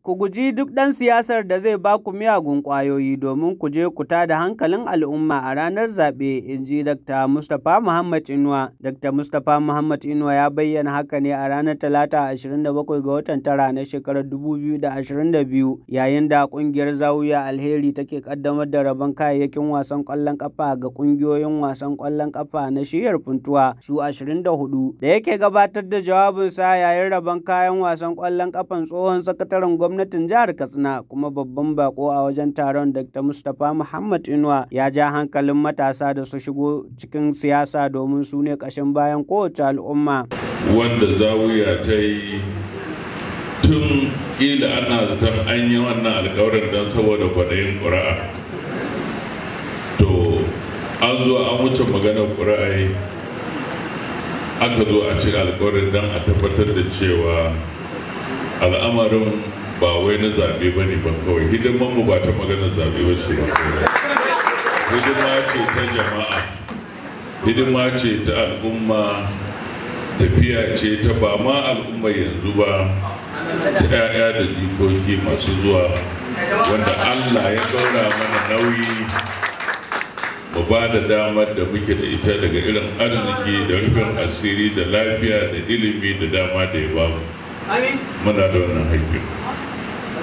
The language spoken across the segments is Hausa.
Ku guji duk ɗan siyasar da zai ba ku miyagun ƙwayoyi domin ku je ku tada hankalin al'umma a ranar zaɓe, in ji Dr. Mustapha Muhammad Inuwa. Dr. Mustapha Muhammad Inuwa ya bayyana haka ne a ranar Talata 27 ga watan tara na shekarar 2022 yayin da ƙungiyar zawuya Alheri take ƙaddamar da rabon kayayyakin wasan ƙwallon ƙafa ga ƙungiyoyin wasan ƙwallon ƙafa na shiyar Funtuwa su 24 da yake gabatar da jawabinsa yayin rabon kayan wasan ƙwallon ƙafan tsohon sakataren gwamnati gwamnatin jihar Katsina kuma babban bako a wajen taron Dr. Mustapha Muhammad Inuwa ya ja hankalin matasa da su shigo cikin siyasa domin su ne ƙashin bayan kowace al'umma. Wanda zawiya ta yi tun ila ana zaton an yi wannan alkawarin don saboda kwaɗayin ƙura'a. To, an zo an wuce maganar ƙura'ai aka zo a ci alkawarin don a tabbatar da cewa al'amarin ba wai na zabe ba ne ba kawai hidimar mu ba ta maganar zabe ba ce hidima ce ta jama'a hidima ce ta al'umma tafiya ce ta ba ma al'umma yanzu ba ta 'ya'ya da jikoki masu zuwa wanda Allah ya ɗaura mana nauyi mu ba da damar da muke da ita daga irin arziki da rufin asiri da lafiya da ilimi da dama da ya mu muna da wannan haƙƙi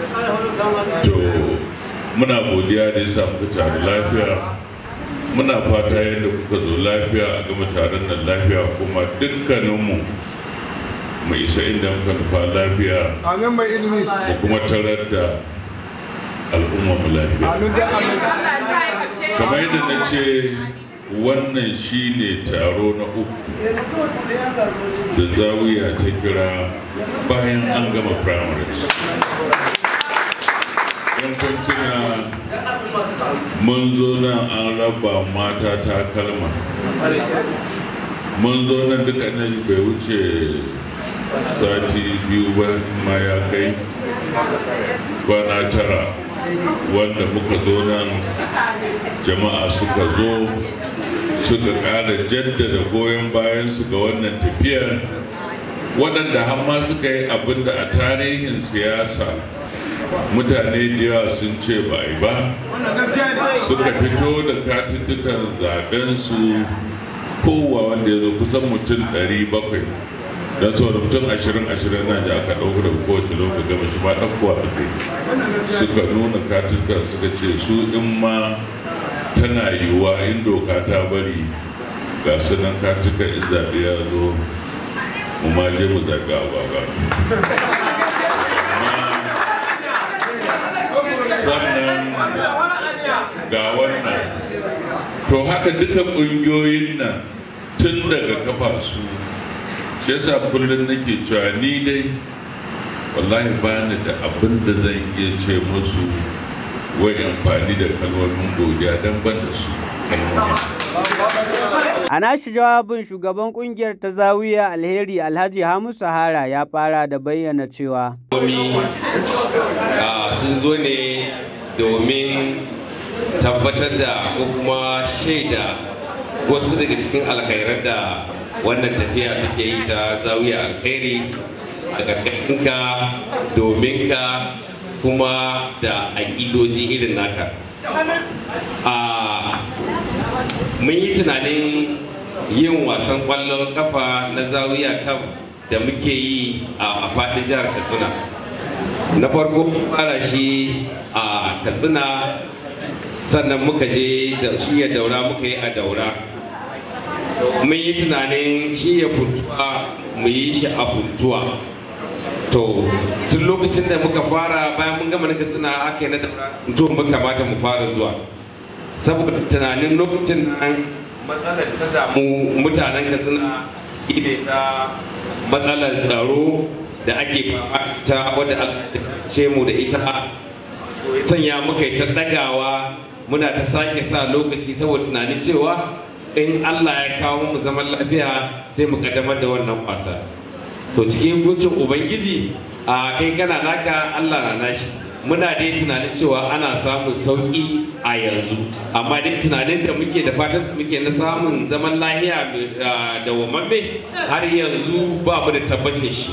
to muna godiya da ya samu tare lafiya muna fata yadda kuka zo lafiya a gama taron nan lafiya kuma dukkaninmu mai isa inda muka nufa lafiya amin da kuma tarar da al'umma mu lafiya kamar yadda na ce wannan shi ne taro na uku da zawiya ta kira bayan an gama primaries yankacin mun zo nan an raba mata takalma mun zo nan duka nan bai wuce sati biyu ba ma ya kai kwana tara wanda muka zo nan jama'a suka zo suka ƙara jaddada goyon bayansu ga wannan tafiyar waɗanda hamma suka yi abinda a tarihin siyasa mutane yawa sun ce ba yi ba suka fito da katuttukan zaben su kowa wanda ya zo kusan mutum 700 don da mutum ashirin ashirin na ji aka ɗauku da kowace lokacin gama shi ba ɗaukowa suka yi suka nuna katuttukan suka ce su in ma tana yiwuwa in doka ta bari ga sunan katuttukan in zaɓe ya zo mu ma je mu zaɓi a ba wannan ga wannan to haka duka ƙungiyoyin nan tun daga kafa su shi yasa kullum nake cewa ni dai wallahi ba ni da abin da zan iya ce musu wai amfani da kalmomin godiya don ban da su A nashi jawabin shugaban kungiyar ta zawiya alheri Alhaji Hamu Sahara ya fara da bayyana cewa. Ah, sun zo ne domin tabbatar da ko kuma shaida wasu daga cikin alkhairar da wannan tafiya take yi ta zawiya alkhairi a ƙarƙashinka domin ka kuma da aƙidoji irin naka a mun yi tunanin yin wasan ƙwallon kafa na zawiya kam da muke yi a faɗin jihar katsina na farko fara shi a katsina sannan muka je da shi ya daura muka yi a daura mun yi tunanin shi ya funtuwa mu yi shi a funtuwa to tun lokacin da muka fara bayan mun gama na katsina aka yi na daura to mun kamata mu fara zuwa saboda tunanin lokacin nan matsalar ta damu mutanen katsina ita matsalar tsaro da ake ta wadda ce mu da ita sanya muka yi ta dagawa. muna ta sake sa lokaci saboda tunanin cewa in Allah ya kawo mu zaman lafiya sai mu kaddamar da wannan wasa to cikin hukuncin ubangiji a kai kana naka Allah na nashi muna dai tunanin cewa ana samun sauki a yanzu amma duk tunanin da muke da fatan muke na samun zaman lahiya eh, da wamanbe har yanzu ba mu da tabbacin shi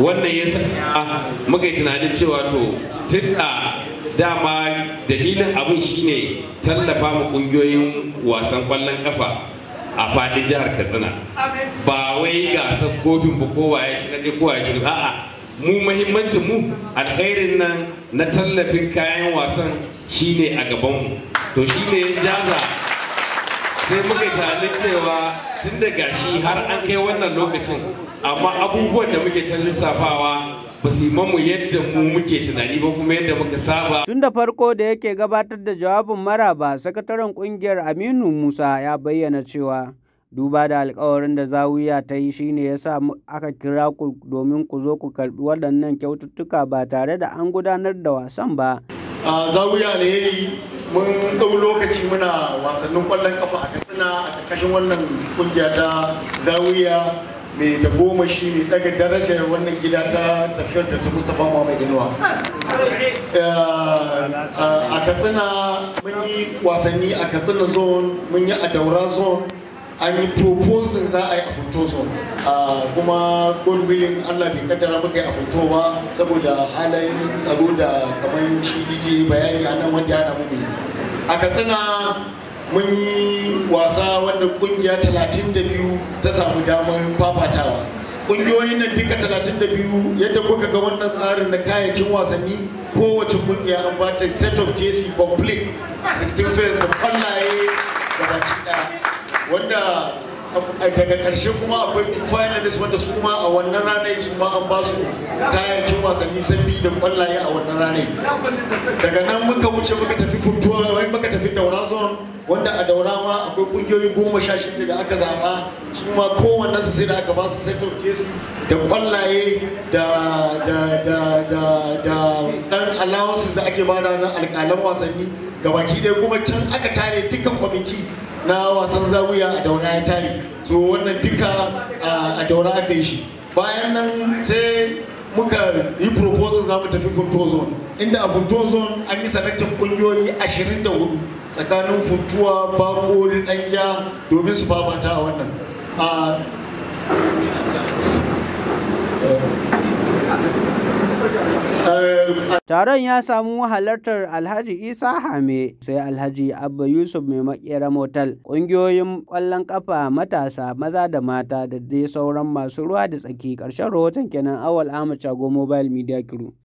wannan ya sa ah, muka yi tunanin cewa to tun da dama dalilin abin shine tallafa mu kungiyoyin wasan kwallon kafa a faɗin jihar katsina ba wai gasar kofin ba kowa ya ci kaɗe kowa ya ci a'a mu muhimmancin mu alkhairin nan na tallafin kayan wasan shine a gabanmu to shine ya jaza sai muka tunanin cewa tun da gashi har an kai wannan lokacin amma abubuwan da muke ta lissafawa ba su yi mamu yadda mu muke tunani ba kuma yadda muka saba. Tun da farko da yake gabatar da jawabin maraba sakataren kungiyar Aminu Musa ya bayyana cewa duba da alkawarin da zawiya ta yi shine ya sa aka kira ku domin ku zo ku karbi waɗannan kyaututtuka ba tare da an gudanar da wasan ba. zawiya ne mun ɗau lokaci muna wasannin ƙwallon kafa a katsina a ƙarƙashin wannan ƙungiya ta zawiya mai ta goma shi mai ɗaga darajar wannan gida ta tafiyar da ta mustapha muhammad inuwa eh, a katsina mun yi wasanni a katsina zone mun yi a daura zone an yi proposal za a yi a funtoso ah, kuma godwilling allah bai kaddara muka yi a fito ba saboda halayen tsaro da kamar shi bayani a nan wanda ana mu a katsina mun yi wasa wanda kungiya 32 ta samu damar fafatawa kungiyoyin nan duka 32 yadda kuka ga wannan tsarin na kayayyakin wasanni kowace kungiya an ba ta set of jc complete 16 first da kwallaye da baki daya wanda daga karshe kuma akwai finalist wanda su kuma a wannan ranar su ma an ba su kayayyakin wasanni sabbi da kwallaye a wannan ranar daga nan muka wuce muka tafi daura wanda a daura ma akwai kungiyoyi goma sha shida da aka zaɓa su ma kowanne su sai da aka ba su set of da kwallaye da da da da da dan allowances da ake bada na alƙalan wasanni gabaki dai kuma can aka tare dukkan kwamiti na wasan zaguya a daura ya tare so wannan duka a daura aka yi shi bayan nan sai muka yi proposal za mu tafi control inda a control an yi sanakcin kungiyoyi hudu. tsakanin futuwa bakori ɗanya domin su babata a wannan a eh, Taron ya samu halartar Alhaji Isa Hame sai Alhaji Abba Yusuf mai makera motal ƙungiyoyin ƙwallon ƙafa matasa maza da mata da dai sauran masu ruwa da tsaki ƙarshen rahoton kenan awal amurca go mobile media crew.